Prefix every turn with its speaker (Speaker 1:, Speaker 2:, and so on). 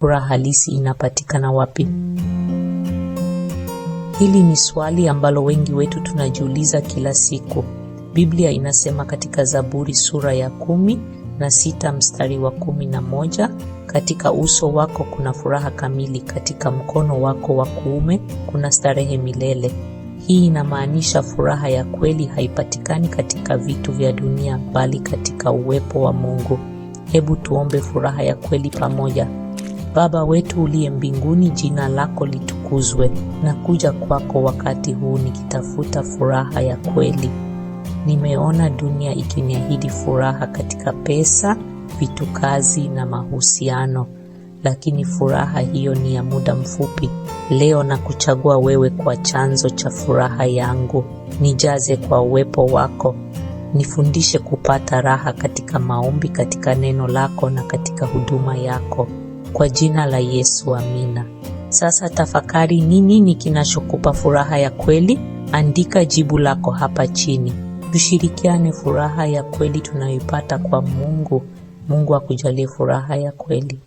Speaker 1: Furaha halisi inapatikana wapi? Hili ni swali ambalo wengi wetu tunajiuliza kila siku. Biblia inasema katika Zaburi sura ya kumi na sita mstari wa kumi na moja katika uso wako kuna furaha kamili, katika mkono wako wa kuume kuna starehe milele. Hii inamaanisha furaha ya kweli haipatikani katika vitu vya dunia, bali katika uwepo wa Mungu. Hebu tuombe furaha ya kweli pamoja.
Speaker 2: Baba wetu uliye mbinguni, jina lako litukuzwe. na kuja kwako wakati huu nikitafuta furaha ya kweli. Nimeona dunia ikiniahidi furaha katika pesa, vitu, kazi na mahusiano, lakini furaha hiyo ni ya muda mfupi. Leo na kuchagua wewe kwa chanzo cha furaha yangu. Nijaze kwa uwepo wako. Nifundishe kupata raha katika maombi, katika neno lako na katika huduma yako kwa jina la Yesu, amina.
Speaker 1: Sasa tafakari ni nini kinachokupa furaha ya kweli. Andika jibu lako hapa chini. Tushirikiane furaha ya kweli tunayoipata kwa Mungu. Mungu akujalie furaha ya kweli.